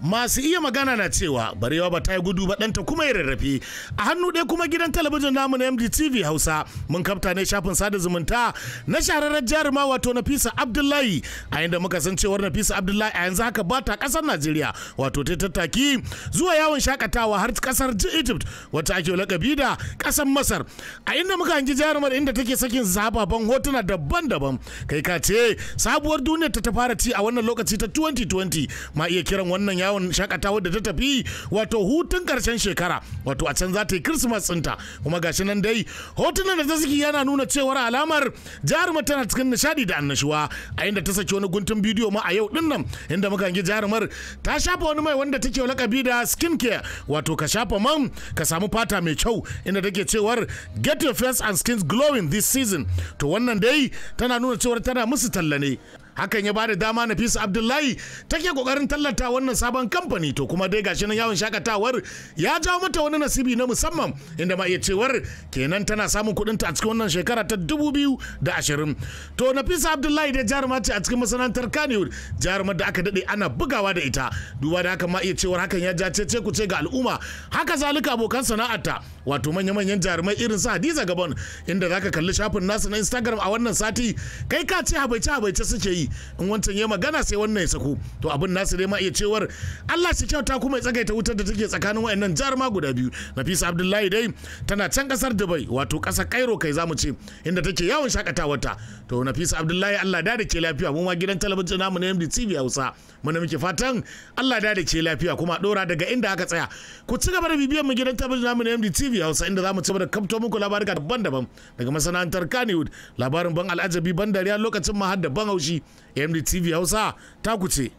masu iya magana na cewa barewa ba ta yi gudu ba ɗanta kuma ya rarrafe a hannu ɗaya kuma gidan talabijin namu na mdtv hausa mun kafta ne shafin sada zumunta na shahararren jaruma wato nafisa abdullahi a inda muka san cewar nafisa abdullahi a yanzu haka ba ta ƙasar najeriya wato ta tattaki zuwa yawon shakatawa har ƙasar egypt wata ake lakabi da ƙasar masar a inda muka hangi jarumar inda take sakin zababan hotuna daban-daban kai ka ce sabuwar duniya ta ta fara ci a wannan lokaci ta 2020 ma iya kiran wannan yawon shakatawa da ta tafi wato hutun karshen shekara wato a can za ta yi christmas tsinta kuma gashi nan dai hotunan da ta saki yana nuna cewar alamar jarumar tana cikin nishadi da annashuwa a inda ta saki wani guntun bidiyo ma a yau din nan inda muka hangi jarumar ta shafa wani mai wanda take lakabi da skin care wato ka shafa man ka samu fata mai kyau inda take cewar get your face and skin glowing this season to wannan dai tana nuna cewar tana musu talla ne hakan ya bada dama Nafisa Abdullahi take kokarin tallata wannan sabon kamfani to kuma dai gashi nan yawon shakatawar ya jawo mata wani nasibi na musamman inda ma iya cewar kenan tana samun kuɗin ta a cikin wannan shekara ta biyu da ashirin to Nafisa Abdullahi da jaruma ce a cikin masana'antar Kanewood jarumar da aka dade ana bugawa da ita duba da haka ma iya cewar hakan ya ja cece ce ga al'umma haka zalika abokan sana'arta wato manya-manyan jarumai irin su Hadiza Gabon inda zaka kalli shafin nasu na Instagram a wannan sati kai ka ce habaice habaice suke yi in wancan ya magana sai wannan ya sako to abin nasu dai ma iya cewar Allah shi kyauta kuma ya tsagaita wutar da take tsakanin wayannan ma guda biyu Nafisa Abdullahi dai tana can kasar Dubai wato kasar Cairo kai zamu ce inda take yawon shakatawarta to Nafisa Abdullahi Allah da da ke lafiya mu ma gidan talabijin namu na MDTV Hausa muna muke fatan Allah da da ke lafiya kuma dora daga inda aka tsaya ku ci gaba da bibiyar mu gidan talabijin namu na MDTV Hausa inda zamu ci gaba da kamto muku labarika daban-daban daga masana'antar Kannywood labarin ban al'ajabi ban dariya lokacin ma har da ban haushi MDTV Hausa takuti